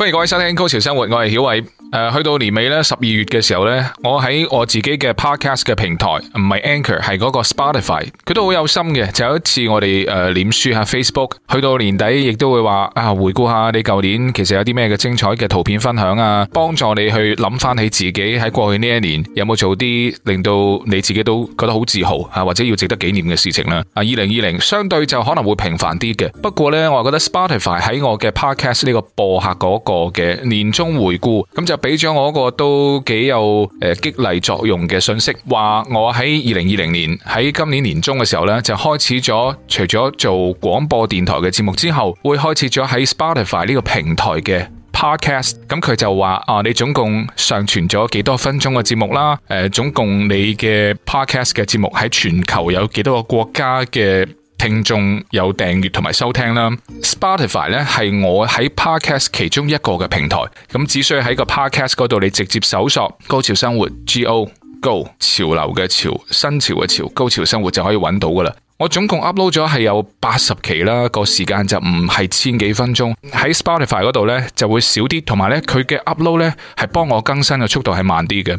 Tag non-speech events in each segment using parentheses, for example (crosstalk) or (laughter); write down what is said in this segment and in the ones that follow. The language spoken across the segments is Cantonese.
歡迎各位收聽《高潮生活》，我係曉偉。誒、呃，去到年尾咧，十二月嘅時候咧，我喺我自己嘅 podcast 嘅平台，唔係 anchor，係嗰個 Spotify，佢都好有心嘅。就有一次我哋誒臉書下 Facebook，去到年底亦都會話啊，回顧下你舊年其實有啲咩嘅精彩嘅圖片分享啊，幫助你去諗翻起自己喺過去呢一年有冇做啲令到你自己都覺得好自豪啊，或者要值得紀念嘅事情啦。啊，二零二零相對就可能會平凡啲嘅，不過咧我係覺得 Spotify 喺我嘅 podcast 呢個播客嗰、那個個嘅年終回顧，咁就俾咗我一個都幾有誒激勵作用嘅信息，話我喺二零二零年喺今年年終嘅時候呢，就開始咗除咗做廣播電台嘅節目之後，會開始咗喺 Spotify 呢個平台嘅 Podcast。咁佢就話啊，你總共上傳咗幾多分鐘嘅節目啦？誒、呃，總共你嘅 Podcast 嘅節目喺全球有幾多個國家嘅？聽眾有訂閱同埋收聽啦，Spotify 咧係我喺 Podcast 其中一個嘅平台，咁只需要喺個 Podcast 嗰度，你直接搜索高潮生活 Go Go 潮流嘅潮，新潮嘅潮，高潮生活就可以揾到㗎喇。我總共 upload 咗係有八十期啦，個時間就唔係千幾分鐘。喺 Spotify 嗰度呢，就會少啲，同埋呢，佢嘅 upload 呢，係幫我更新嘅速度係慢啲嘅。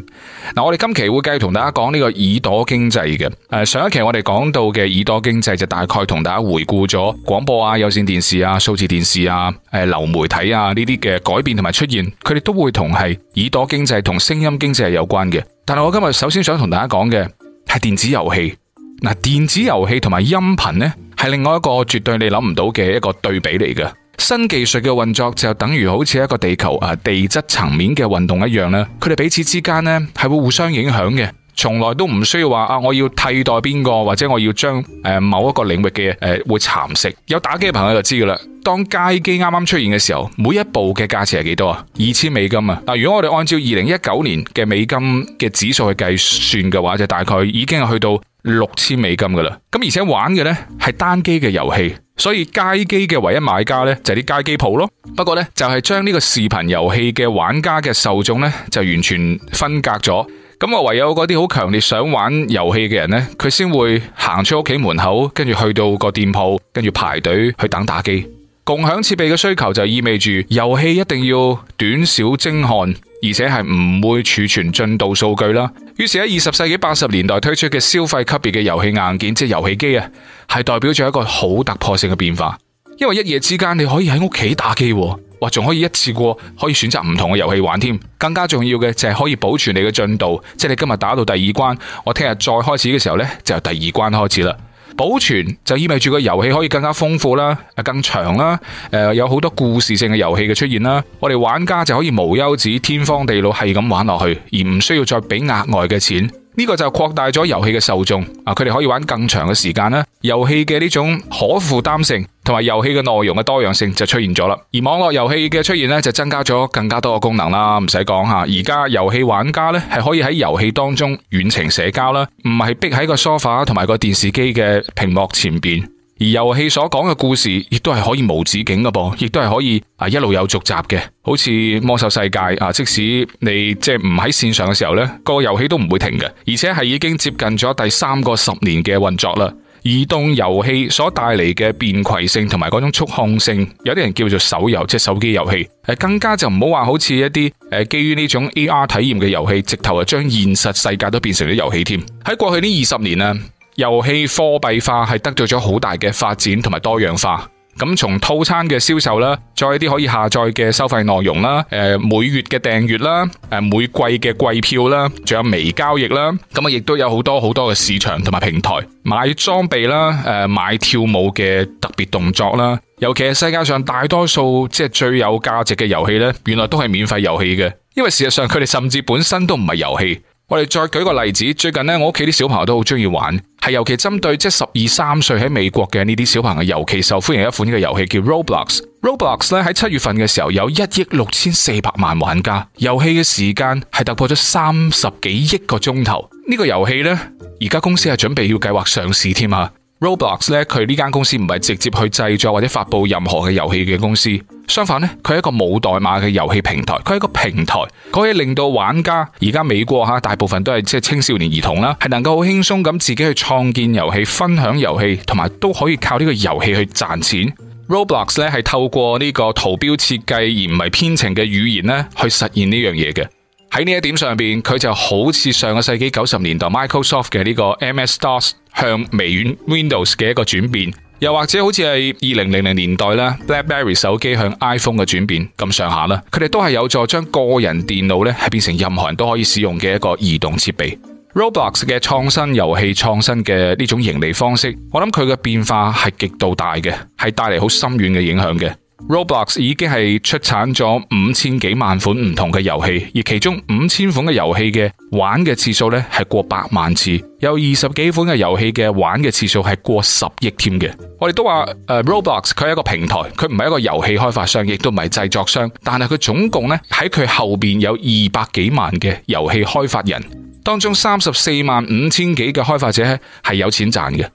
嗱，我哋今期會繼續同大家講呢個耳朵經濟嘅。誒，上一期我哋講到嘅耳朵經濟就大概同大家回顧咗廣播啊、有線電視啊、數字電視啊、誒流媒體啊呢啲嘅改變同埋出現，佢哋都會同係耳朵經濟同聲音經濟係有關嘅。但係我今日首先想同大家講嘅係電子遊戲。嗱，電子遊戲同埋音頻呢，係另外一個絕對你諗唔到嘅一個對比嚟嘅。新技術嘅運作就等於好似一個地球啊地質層面嘅運動一樣啦。佢哋彼此之間呢，係會互相影響嘅，從來都唔需要話啊，我要替代邊個，或者我要將誒、呃、某一個領域嘅誒、呃、會蠶食。有打機嘅朋友就知噶啦，當街機啱啱出現嘅時候，每一部嘅價錢係幾多啊？二千美金啊！但如果我哋按照二零一九年嘅美金嘅指數去計算嘅話，就大概已經係去到。六千美金噶啦，咁而且玩嘅呢係單機嘅遊戲，所以街機嘅唯一買家呢就係啲街機鋪咯。不過呢，就係將呢個視頻遊戲嘅玩家嘅受眾呢就完全分隔咗。咁啊，唯有嗰啲好強烈想玩遊戲嘅人呢，佢先會行出屋企門口，跟住去到個店鋪，跟住排隊去等打機。共享設備嘅需求就意味住遊戲一定要短小精悍，而且係唔會儲存進度數據啦。於是喺二十世紀八十年代推出嘅消費級別嘅遊戲硬件，即係遊戲機啊，係代表咗一個好突破性嘅變化。因為一夜之間你可以喺屋企打機，哇，仲可以一次過可以選擇唔同嘅遊戲玩添，更加重要嘅就係可以保存你嘅進度，即係你今日打到第二關，我聽日再開始嘅時候呢，就由第二關開始啦。保存就意味住個遊戲可以更加豐富啦，更長啦，誒、呃，有好多故事性嘅遊戲嘅出現啦，我哋玩家就可以無休止、天荒地老係咁玩落去，而唔需要再俾額外嘅錢。呢個就擴大咗遊戲嘅受眾啊，佢哋可以玩更長嘅時間啦。遊戲嘅呢種可負擔性同埋遊戲嘅內容嘅多樣性就出現咗啦。而網絡遊戲嘅出現咧，就增加咗更加多嘅功能啦。唔使講吓，而家遊戲玩家咧係可以喺遊戲當中遠程社交啦，唔係逼喺個 sofa 同埋個電視機嘅屏幕前邊。而遊戲所講嘅故事，亦都係可以無止境嘅噃，亦都係可以啊一路有續集嘅。好似魔獸世界啊，即使你即係唔喺綫上嘅時候，呢個遊戲都唔會停嘅。而且係已經接近咗第三個十年嘅運作啦。移動遊戲所帶嚟嘅便攜性同埋嗰種觸控性，有啲人叫做手遊，即係手機遊戲，誒，更加就唔好話好似一啲誒基於呢種 AR 體驗嘅遊戲，直頭啊將現實世界都變成咗遊戲添。喺過去呢二十年啊。遊戲貨幣化係得到咗好大嘅發展同埋多樣化，咁從套餐嘅銷售啦，再有啲可以下載嘅收費內容啦，誒每月嘅訂閱啦，誒每季嘅季票啦，仲有微交易啦，咁啊亦都有好多好多嘅市場同埋平台買裝備啦，誒買跳舞嘅特別動作啦，尤其係世界上大多數即係最有價值嘅遊戲咧，原來都係免費遊戲嘅，因為事實上佢哋甚至本身都唔係遊戲。我哋再舉個例子，最近呢，我屋企啲小朋友都好中意玩，係尤其針對即十二三歲喺美國嘅呢啲小朋友，尤其受歡迎一款嘅遊戲叫 Roblox。Roblox 咧，喺七月份嘅時候有一億六千四百萬玩家，遊戲嘅時間係突破咗三十幾億個鐘頭。呢個遊戲呢，而家公司係準備要計劃上市添啊！Roblox 咧，佢呢間公司唔係直接去製作或者發佈任何嘅遊戲嘅公司，相反咧，佢係一個冇代碼嘅遊戲平台，佢係一個平台，可以令到玩家而家美國吓大部分都係即係青少年兒童啦，係能夠好輕鬆咁自己去創建遊戲、分享遊戲，同埋都可以靠呢個遊戲去賺錢。Roblox 咧係透過呢個圖標設計而唔係編程嘅語言咧去實現呢樣嘢嘅。喺呢一點上邊，佢就好似上個世紀九十年代 Microsoft 嘅呢個 MS-DOS。向微軟 Windows 嘅一個轉變，又或者好似係二零零零年代咧，BlackBerry 手機向 iPhone 嘅轉變咁上下啦，佢哋都係有助將個人電腦呢係變成任何人都可以使用嘅一個移動設備。Roblox 嘅創新遊戲、創新嘅呢種盈利方式，我諗佢嘅變化係極度大嘅，係帶嚟好深遠嘅影響嘅。Roblox 已經係出產咗五千幾萬款唔同嘅遊戲，而其中五千款嘅遊戲嘅玩嘅次數呢係過百萬次，有二十幾款嘅遊戲嘅玩嘅次數係過十億添嘅。我哋都話、呃、Roblox 佢係一個平台，佢唔係一個遊戲開發商，亦都唔係製作商，但係佢總共呢喺佢後面有二百幾萬嘅遊戲開發人，當中三十四萬五千幾嘅開發者係有錢賺嘅。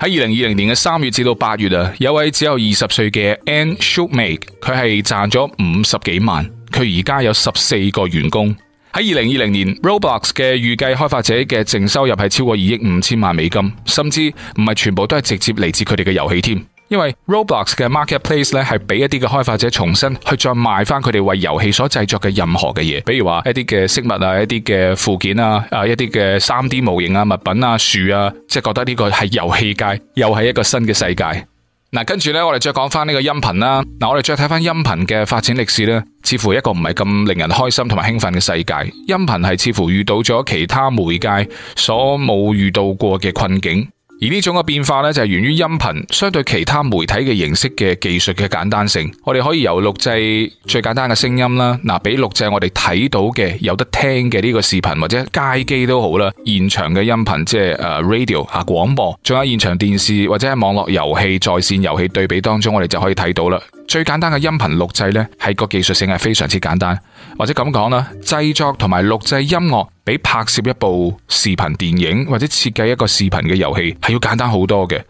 喺二零二零年嘅三月至到八月啊，有位只有二十歲嘅 Anne Schuitem，佢係賺咗五十幾萬，佢而家有十四個員工。喺二零二零年，Roblox 嘅預計開發者嘅淨收入係超過二億五千萬美金，甚至唔係全部都係直接嚟自佢哋嘅遊戲添。因為 Roblox 嘅 Marketplace 咧，係俾一啲嘅開發者重新去再賣翻佢哋為遊戲所製作嘅任何嘅嘢，比如話一啲嘅飾物啊、一啲嘅附件啊、啊一啲嘅 3D 模型啊、物品啊、樹啊，即係覺得呢個係遊戲界又係一個新嘅世界。嗱，跟住咧我哋再講翻呢個音頻啦。嗱，我哋再睇翻音頻嘅發展歷史咧，似乎一個唔係咁令人開心同埋興奮嘅世界。音頻係似乎遇到咗其他媒介所冇遇到過嘅困境。而呢種嘅變化呢，就係源於音頻相對其他媒體嘅形式嘅技術嘅簡單性。我哋可以由錄製最簡單嘅聲音啦，嗱，比錄製我哋睇到嘅有得聽嘅呢個視頻或者街機都好啦，現場嘅音頻即係 radio 啊、廣播，仲有現場電視或者係網絡遊戲、在線遊戲對比當中，我哋就可以睇到啦。最簡單嘅音頻錄製呢，係個技術性係非常之簡單，或者咁講啦，製作同埋錄製音樂比拍攝一部視頻電影或者設計一個視頻嘅遊戲係要簡單好多嘅。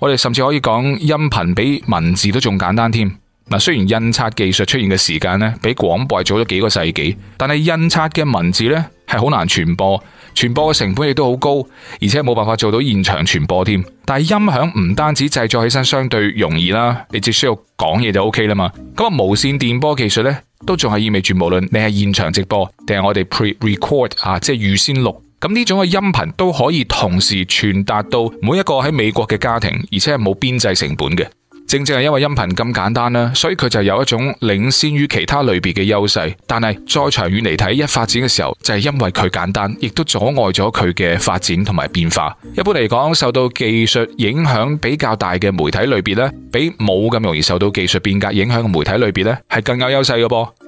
我哋甚至可以講音頻比文字都仲簡單添。嗱，雖然印刷技術出現嘅時間呢，比廣播早咗幾個世紀，但係印刷嘅文字呢係好難傳播。傳播嘅成本亦都好高，而且冇辦法做到現場傳播添。但係音響唔單止製作起身相對容易啦，你只需要講嘢就 OK 啦嘛。咁個無線電波技術咧，都仲係意味住無論你係現場直播定係我哋 pre-record 吓、啊，即係預先錄，咁呢種嘅音頻都可以同時傳達到每一個喺美國嘅家庭，而且係冇邊際成本嘅。正正係因為音頻咁簡單啦，所以佢就有一種領先於其他類別嘅優勢。但係再長遠嚟睇，一發展嘅時候就係因為佢簡單，亦都阻礙咗佢嘅發展同埋變化。一般嚟講，受到技術影響比較大嘅媒體類別呢，比冇咁容易受到技術變革影響嘅媒體類別呢，係更有優勢嘅噃。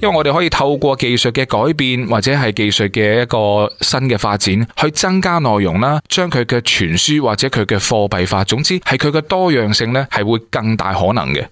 因為我哋可以透過技術嘅改變或者係技術嘅一個新嘅發展去增加內容啦，將佢嘅傳輸或者佢嘅貨幣化，總之係佢嘅多樣性呢，係會更大可能嘅。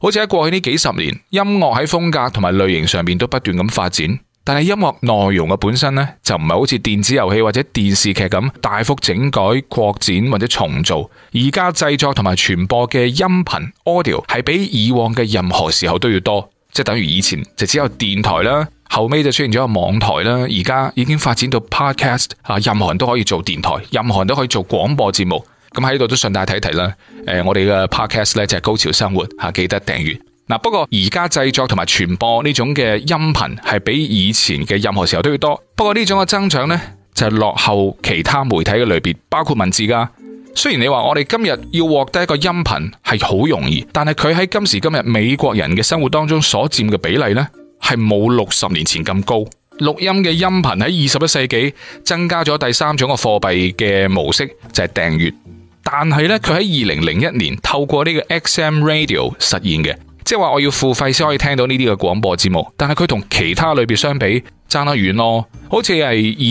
好似喺過去呢幾十年，音樂喺風格同埋類型上面都不斷咁發展，但係音樂內容嘅本身呢，就唔係好似電子遊戲或者電視劇咁大幅整改、擴展或者重做。而家製作同埋傳播嘅音頻 audio 係比以往嘅任何時候都要多。即係等於以前就只有電台啦，後尾就出現咗個網台啦，而家已經發展到 podcast 啊，任何人都可以做電台，任何人都可以做廣播節目。咁喺度都順帶提一提啦，誒，我哋嘅 podcast 咧就係高潮生活吓，記得訂閱。嗱，不過而家製作同埋傳播呢種嘅音頻係比以前嘅任何時候都要多，不過呢種嘅增長咧就係落後其他媒體嘅類別，包括文字噶。雖然你話我哋今日要獲得一個音頻係好容易，但係佢喺今時今日美國人嘅生活當中所佔嘅比例呢，係冇六十年前咁高。錄音嘅音頻喺二十一世紀增加咗第三種嘅貨幣嘅模式，就係訂閱。但係呢，佢喺二零零一年透過呢個 XM Radio 實現嘅。即係話我要付費先可以聽到呢啲嘅廣播節目，但係佢同其他類別相比差得遠咯。好似係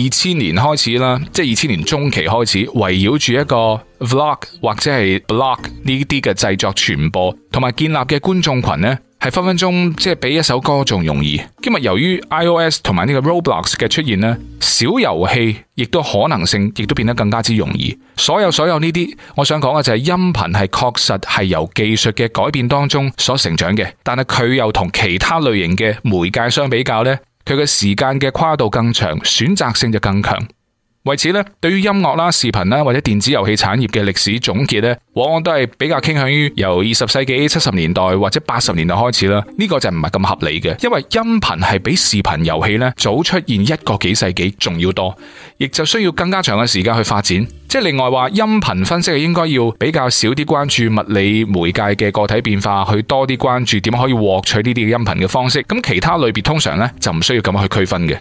二千年開始啦，即係二千年中期開始圍繞住一個 vlog 或者係 block 呢啲嘅製作、傳播同埋建立嘅觀眾群咧。係分分鐘即係比一首歌仲容易。今日由於 iOS 同埋呢個 Roblox 嘅出現呢，小遊戲亦都可能性亦都變得更加之容易。所有所有呢啲，我想講嘅就係，音頻係確實係由技術嘅改變當中所成長嘅，但係佢又同其他類型嘅媒介相比較呢，佢嘅時間嘅跨度更長，選擇性就更強。為此咧，對於音樂啦、視頻啦或者電子遊戲產業嘅歷史總結咧，往往都係比較傾向於由二十世紀七十年代或者八十年代開始啦。呢個就唔係咁合理嘅，因為音頻係比視頻遊戲咧早出現一個幾世紀，仲要多，亦就需要更加長嘅時間去發展。即係另外話，音頻分析係應該要比較少啲關注物理媒介嘅個體變化，去多啲關注點樣可以獲取呢啲音頻嘅方式。咁其他類別通常咧就唔需要咁樣去區分嘅。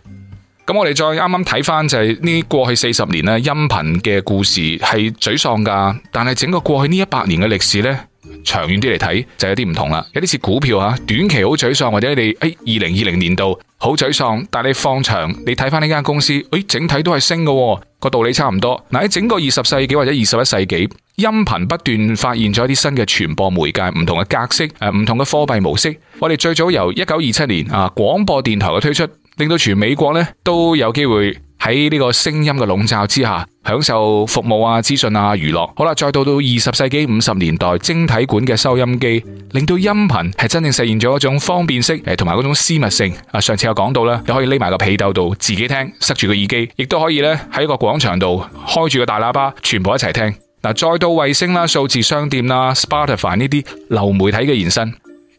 咁我哋再啱啱睇翻，就係呢，過去四十年呢，音頻嘅故事係沮喪噶。但係整個過去呢一百年嘅歷史呢，長遠啲嚟睇就有啲唔同啦。有啲似股票啊，短期好沮喪，或者你誒二零二零年度好沮喪，但係你放長你睇翻呢間公司，誒、哎、整體都係升嘅，哦，個道理差唔多。嗱，喺整個二十世紀或者二十一世紀，音頻不斷發現咗一啲新嘅傳播媒介，唔同嘅格式誒，唔同嘅貨幣模式。我哋最早由一九二七年啊廣播電台嘅推出。令到全美國咧都有機會喺呢個聲音嘅籠罩之下享受服務啊、資訊啊、娛樂。好啦，再到到二十世紀五十年代，晶體管嘅收音機令到音頻係真正實現咗一種方便式誒，同埋嗰種私密性。啊，上次有講到啦，你可以匿埋個被竇度自己聽，塞住個耳機，亦都可以咧喺個廣場度開住個大喇叭，全部一齊聽。嗱，再到衛星啦、數字商店啦、Spotify 呢啲流媒體嘅延伸。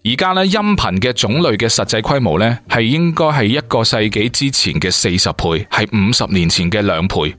而家咧，音頻嘅種類嘅實際規模咧，係應該係一個世紀之前嘅四十倍，係五十年前嘅兩倍。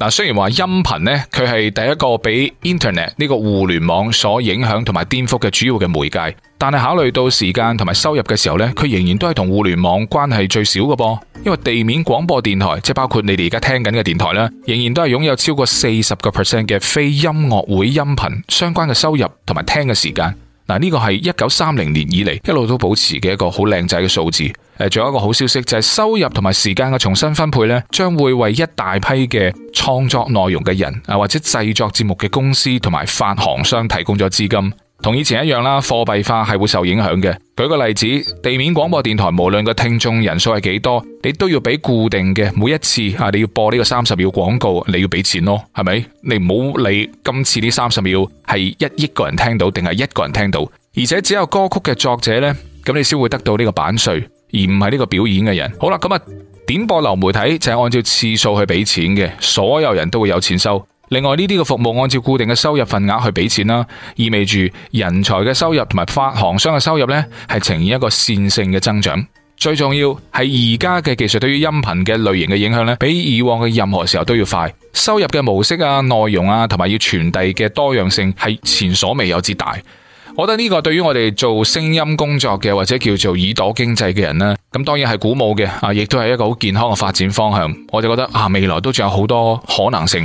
嗱，雖然話音頻呢，佢係第一個俾 Internet 呢個互聯網所影響同埋顛覆嘅主要嘅媒介，但係考慮到時間同埋收入嘅時候咧，佢仍然都係同互聯網關係最少嘅噃。因為地面廣播電台，即包括你哋而家聽緊嘅電台啦，仍然都係擁有超過四十個 percent 嘅非音樂會音頻相關嘅收入同埋聽嘅時間。嗱，呢個係一九三零年以嚟一路都保持嘅一個好靚仔嘅數字。誒，仲有一個好消息就係收入同埋時間嘅重新分配咧，將會為一大批嘅創作內容嘅人啊，或者製作節目嘅公司同埋發行商提供咗資金。同以前一樣啦，貨幣化係會受影響嘅。舉個例子，地面廣播電台無論個聽眾人數係幾多，你都要畀固定嘅每一次啊，你要播呢個三十秒廣告，你要畀錢咯，係咪？你唔好理今次呢三十秒係一億個人聽到定係一個人聽到，而且只有歌曲嘅作者呢，咁你先會得到呢個版稅，而唔係呢個表演嘅人。好啦，咁啊，點播流媒體就係按照次數去畀錢嘅，所有人都會有錢收。另外呢啲嘅服務，按照固定嘅收入份額去俾錢啦，意味住人才嘅收入同埋發行商嘅收入呢係呈現一個線性嘅增長。最重要係而家嘅技術對於音頻嘅類型嘅影響呢，比以往嘅任何時候都要快。收入嘅模式啊，內容啊，同埋要傳遞嘅多樣性係前所未有之大。我覺得呢個對於我哋做聲音工作嘅或者叫做耳朵經濟嘅人呢，咁當然係鼓舞嘅啊，亦都係一個好健康嘅發展方向。我就覺得啊，未來都仲有好多可能性。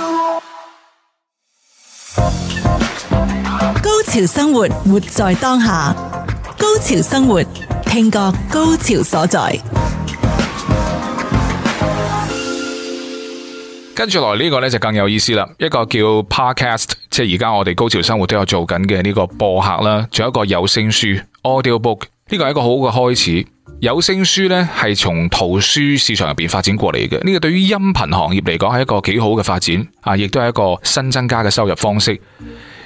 高潮生活，活在當下。高潮生活，聽覺高潮所在。跟住來呢個呢，就更有意思啦，一個叫 Podcast，即係而家我哋高潮生活都有做緊嘅呢個播客啦，仲有一個有聲書 Audio Book，呢個係一個好好嘅開始。有聲書呢，係從圖書市場入邊發展過嚟嘅，呢個對於音頻行業嚟講係一個幾好嘅發展啊，亦都係一個新增加嘅收入方式。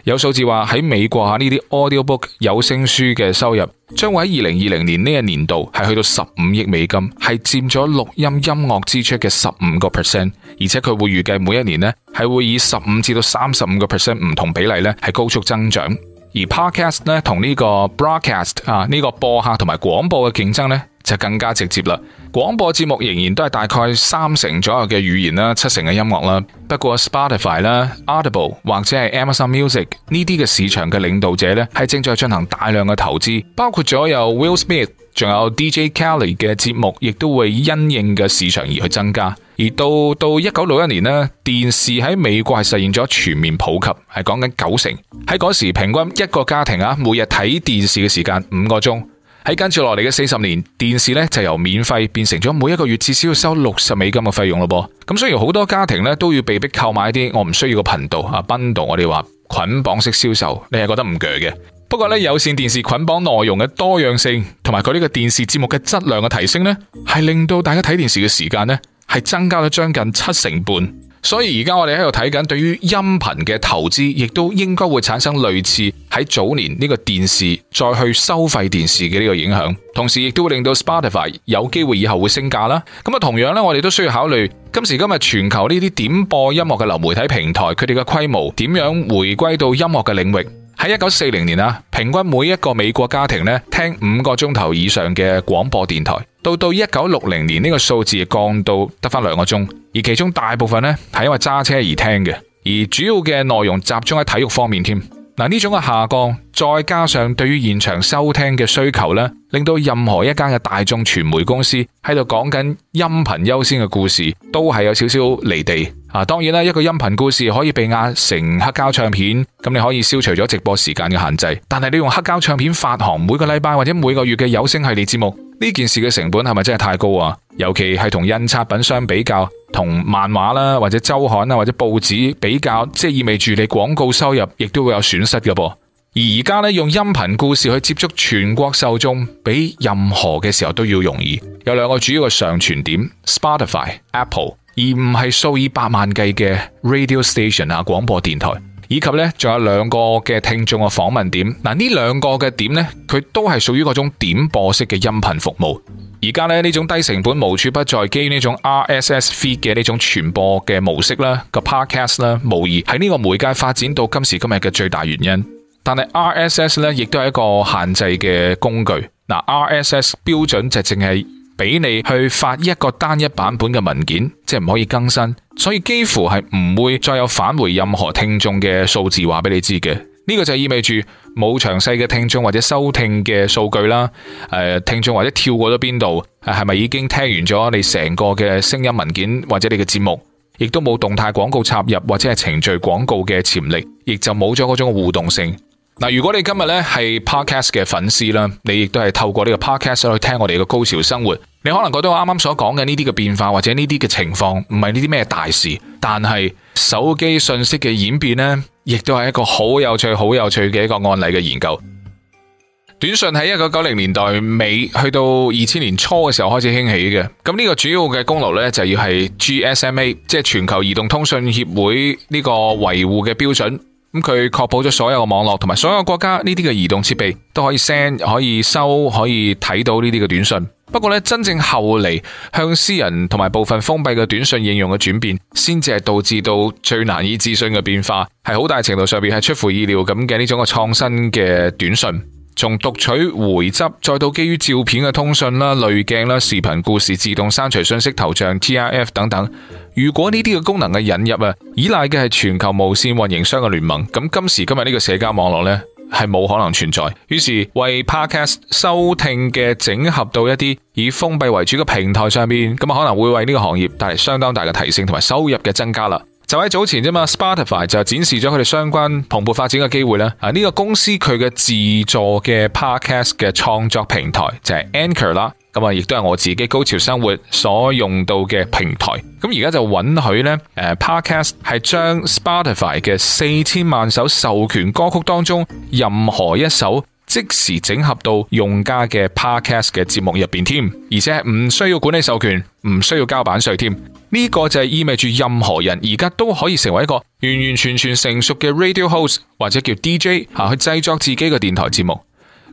有數字話喺美國啊呢啲 audiobook 有聲書嘅收入，將會喺二零二零年呢一年度係去到十五億美金，係佔咗錄音音樂支出嘅十五個 percent，而且佢會預計每一年呢係會以十五至到三十五個 percent 唔同比例咧係高速增長。而 podcast 咧同呢個 broadcast 啊，呢個播客同埋廣播嘅競爭咧就更加直接啦。廣播節目仍然都係大概三成左右嘅語言啦，七成嘅音樂啦。不過 Spotify 啦、Audible 或者係 Amazon Music 呢啲嘅市場嘅領導者咧，係正在進行大量嘅投資，包括咗有 Will Smith 仲有 DJ Kelly 嘅節目，亦都會因應嘅市場而去增加。而到到一九六一年呢，電視喺美國係實現咗全面普及，係講緊九成。喺嗰時平均一個家庭啊，每日睇電視嘅時間五個鐘。喺跟住落嚟嘅四十年，電視呢就由免費變成咗每一個月至少要收六十美金嘅費用咯。噃，咁雖然好多家庭呢都要被逼購買一啲我唔需要嘅頻道啊，Bundle，我哋話捆綁式銷售，你係覺得唔鋸嘅。不過呢，有線電視捆綁內容嘅多樣性，同埋佢呢個電視節目嘅質量嘅提升呢，係令到大家睇電視嘅時間呢，係增加咗將近七成半，所以而家我哋喺度睇緊，對於音頻嘅投資，亦都應該會產生類似喺早年呢個電視再去收費電視嘅呢個影響，同時亦都會令到 Spotify 有機會以後會升價啦。咁啊，同樣咧，我哋都需要考慮今時今日全球呢啲點播音樂嘅流媒體平台，佢哋嘅規模點樣回歸到音樂嘅領域。喺一九四零年啊，平均每一個美國家庭呢，聽五個鐘頭以上嘅廣播電台，到到一九六零年呢個數字降到得翻兩個鐘，而其中大部分呢，係因為揸車而聽嘅，而主要嘅內容集中喺體育方面添。嗱，呢種嘅下降，再加上對於現場收聽嘅需求呢。令到任何一間嘅大眾傳媒公司喺度講緊音頻優先嘅故事，都係有少少離地啊！當然啦，一個音頻故事可以被壓成黑膠唱片，咁你可以消除咗直播時間嘅限制。但係你用黑膠唱片發行每個禮拜或者每個月嘅有聲系列節目，呢件事嘅成本係咪真係太高啊？尤其係同印刷品相比較，同漫畫啦或者周刊啊或者報紙比較，即係意味住你廣告收入亦都會有損失嘅噃。而而家咧用音頻故事去接觸全國受眾，比任何嘅時候都要容易。有兩個主要嘅上傳點，Spotify、Apple，而唔係數以百萬計嘅 radio station 啊廣播電台，以及咧仲有兩個嘅聽眾嘅訪問點。嗱，呢兩個嘅點咧，佢都係屬於嗰種點播式嘅音頻服務。而家咧呢種低成本、無處不在，基於呢種 RSS feed 嘅呢種傳播嘅模式啦，個 podcast 啦，無疑喺呢個媒介發展到今時今日嘅最大原因。但係 R S S 咧，亦都係一個限制嘅工具。嗱，R S S 標準就淨係俾你去發一個單一版本嘅文件，即係唔可以更新，所以幾乎係唔會再有返回任何聽眾嘅數字話俾你知嘅。呢個就意味住冇詳細嘅聽眾或者收聽嘅數據啦。誒、呃，聽眾或者跳過咗邊度，係咪已經聽完咗你成個嘅聲音文件或者你嘅節目，亦都冇動態廣告插入或者係程序廣告嘅潛力，亦就冇咗嗰種互動性。嗱，如果你今日咧，係 podcast 嘅粉絲啦，你亦都係透過呢個 podcast 去聽我哋嘅高潮生活。你可能覺得我啱啱所講嘅呢啲嘅變化或者呢啲嘅情況唔係呢啲咩大事，但係手機信息嘅演變呢，亦都係一個好有趣、好有趣嘅一個案例嘅研究。短信喺一九九零年代尾去到二千年初嘅時候開始興起嘅。咁呢個主要嘅功勞呢，就要係 GSMA 即係全球移動通訊協會呢個維護嘅標準。咁佢確保咗所有嘅網絡同埋所有國家呢啲嘅移動設備都可以 send 可以收，可以睇到呢啲嘅短信。不過咧，真正後嚟向私人同埋部分封閉嘅短信應用嘅轉變，先至係導致到最難以置信嘅變化，係好大程度上面係出乎意料咁嘅呢種嘅創新嘅短信。從讀取、回執，再到基於照片嘅通訊啦、濾鏡啦、視頻故事、自動刪除信息、頭像、GIF 等等，如果呢啲嘅功能嘅引入啊，依賴嘅係全球無線運營商嘅聯盟，咁今時今日呢個社交網絡呢，係冇可能存在。於是為 Podcast 收聽嘅整合到一啲以封閉為主嘅平台上面，咁啊可能會為呢個行業帶嚟相當大嘅提升同埋收入嘅增加啦。就喺早前啫嘛，Spotify 就展示咗佢哋相關蓬勃發展嘅機會啦。啊，呢個公司佢嘅自助嘅 Podcast 嘅創作平台就係、是、Anchor 啦。咁啊，亦都係我自己高潮生活所用到嘅平台。咁而家就允許呢誒 Podcast 係將 Spotify 嘅四千萬首授權歌曲當中任何一首即時整合到用家嘅 Podcast 嘅節目入邊添，而且係唔需要管理授權，唔需要交版稅添。呢個就係意味住任何人而家都可以成為一個完完全全成熟嘅 radio host 或者叫 DJ 吓去製作自己嘅電台節目。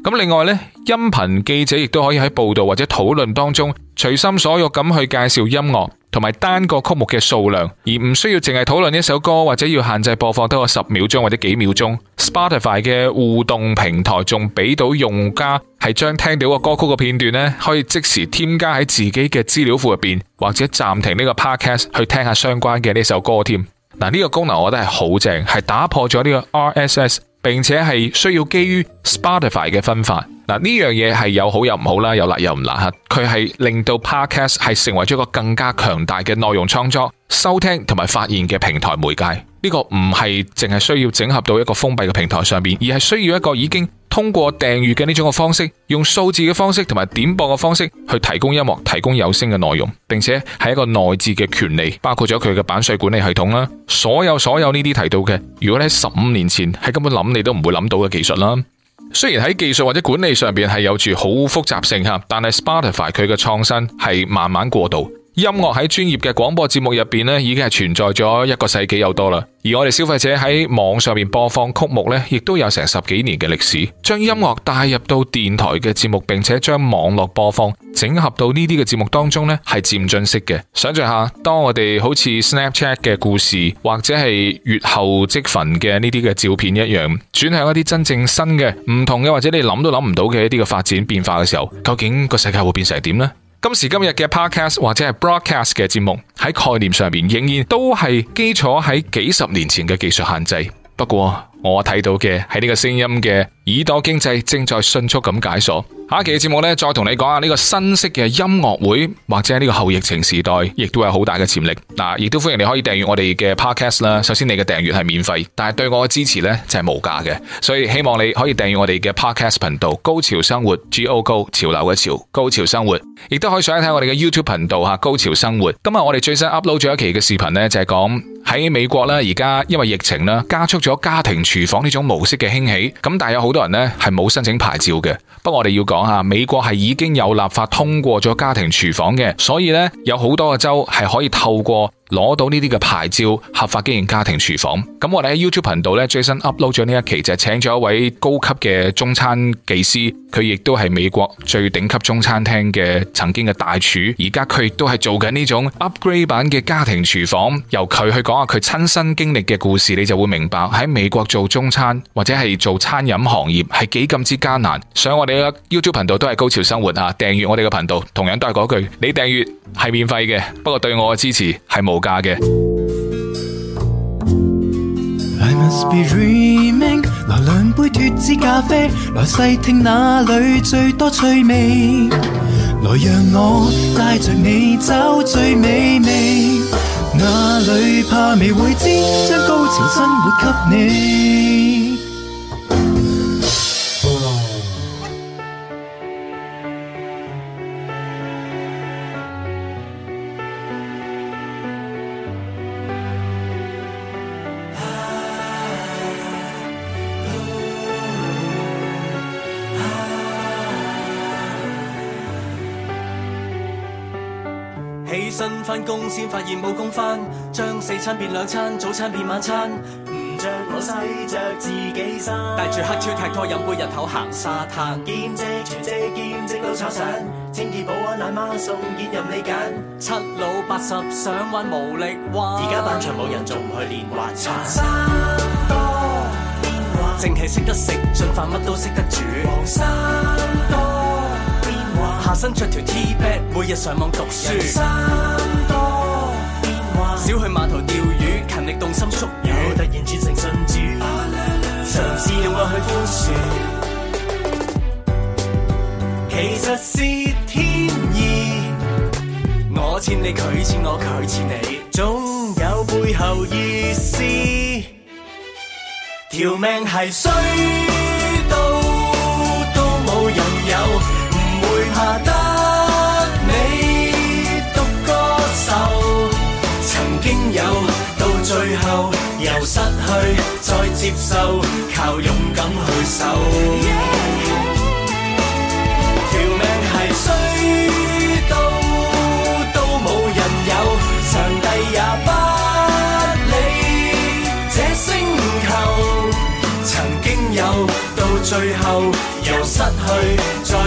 咁另外咧，音頻記者亦都可以喺報道或者討論當中隨心所欲咁去介紹音樂。同埋單個曲目嘅數量，而唔需要淨係討論一首歌，或者要限制播放得個十秒鐘或者幾秒鐘。Spotify 嘅互動平台仲俾到用家係將聽到個歌曲嘅片段呢，可以即時添加喺自己嘅資料庫入邊，或者暫停呢個 podcast 去聽下相關嘅呢首歌添。嗱、這、呢個功能我覺得係好正，係打破咗呢個 RSS。並且係需要基於 Spotify 嘅分發。嗱，呢樣嘢係有好有唔好啦，有辣有唔辣吓，佢係令到 Podcast 係成為咗一個更加強大嘅內容創作、收聽同埋發現嘅平台媒介。呢、這個唔係淨係需要整合到一個封閉嘅平台上面，而係需要一個已經。通過訂閱嘅呢種方式，用數字嘅方式同埋點播嘅方式去提供音樂、提供有聲嘅內容，並且係一個內置嘅權利，包括咗佢嘅版稅管理系統啦。所有所有呢啲提到嘅，如果你喺十五年前，係根本諗你都唔會諗到嘅技術啦。雖然喺技術或者管理上面係有住好複雜性，但係 Spotify 佢嘅創新係慢慢過渡。音樂喺專業嘅廣播節目入面已經係存在咗一個世紀有多啦。而我哋消費者喺網上面播放曲目咧，亦都有成十幾年嘅歷史。將音樂帶入到電台嘅節目，並且將網絡播放整合到呢啲嘅節目當中咧，係漸進式嘅。想象下，當我哋好似 Snapchat 嘅故事，或者係閱後即焚嘅呢啲嘅照片一樣，轉向一啲真正新嘅、唔同嘅，或者你諗都諗唔到嘅一啲嘅發展變化嘅時候，究竟個世界會變成點呢？今時今日嘅 podcast 或者係 broadcast 嘅節目，喺概念上面仍然都係基礎喺幾十年前嘅技術限制。不過我睇到嘅係呢個聲音嘅耳朵經濟正在迅速咁解鎖。下期嘅節目咧，再同你講下呢個新式嘅音樂會，或者呢個後疫情時代，亦都有好大嘅潛力。嗱，亦都歡迎你可以訂閱我哋嘅 Podcast 啦。首先，你嘅訂閱係免費，但係對我嘅支持咧就係無價嘅。所以希望你可以訂閱我哋嘅 Podcast 頻道《高潮生活》，G O Go 潮流嘅潮，高潮生活。亦都可以上一睇我哋嘅 YouTube 頻道吓，《高潮生活》。今日我哋最新 upload 咗一期嘅視頻咧，就係講喺美國啦，而家因為疫情啦，加速咗家庭廚房呢種模式嘅興起。咁但係有好多人咧係冇申請牌照嘅。不過我哋要講。美國係已經有立法通過咗家庭廚房嘅，所以咧有好多個州係可以透過。攞到呢啲嘅牌照，合法經營家庭廚房。咁我哋喺 YouTube 頻道咧最新 upload 咗呢一期就係請咗一位高級嘅中餐技師，佢亦都係美國最頂級中餐廳嘅曾經嘅大廚，而家佢亦都係做緊呢種 upgrade 版嘅家庭廚房。由佢去講下佢親身經歷嘅故事，你就會明白喺美國做中餐或者係做餐飲行業係幾咁之艱難。所以我哋嘅 YouTube 頻道都係高潮生活啊！訂閱我哋嘅頻道，同樣都係嗰句，你訂閱係免費嘅，不過對我嘅支持係冇假嘅，I must be dreaming，來兩杯脱脂咖啡，來細聽那裏最多趣味，來讓我帶着你找最美味。那裏怕未會知將高潮生活給你翻工先發現冇工翻，將四餐變兩餐，早餐變晚餐，唔着我洗着自己衫。帶住黑超踢拖飲杯日頭行沙灘，兼職全職兼職都炒上，清潔保安奶媽送件任你揀，七老八十想玩無力挽。而家班場冇人做唔去練滑潺。生多變化，淨係識得食，盡飯乜都識得煮。生身着條 T back，每日上網讀書。多變幻。少去碼頭釣魚，勤力動心縮腰。突然轉成信主，嘗試用愛去寬恕。其實是天意，我欠你佢欠我佢欠你，總有背後意思。條命係衰到～下得你獨個受，曾經有到最後，又失去再接受，靠勇敢去守。Yeah.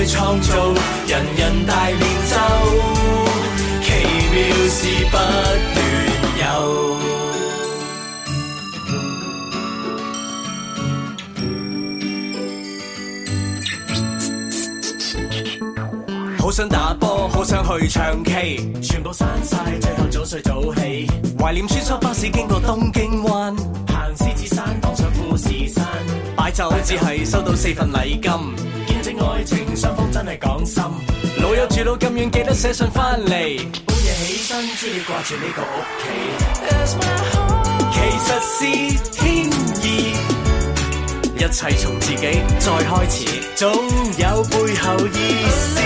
創造人人大練習，奇妙事不斷有。 (noise) 好想打波，好想去唱 K，全部刪晒，最後早睡早起。懷念穿梭巴士經過東京灣，行獅子山當上富士山，擺酒只係收到四份禮金。愛情雙方真係講心，老友住到咁遠，記得寫信翻嚟。半夜起身，知要掛住呢個屋企。其實是天意，一切從自己再開始，總有背後意思。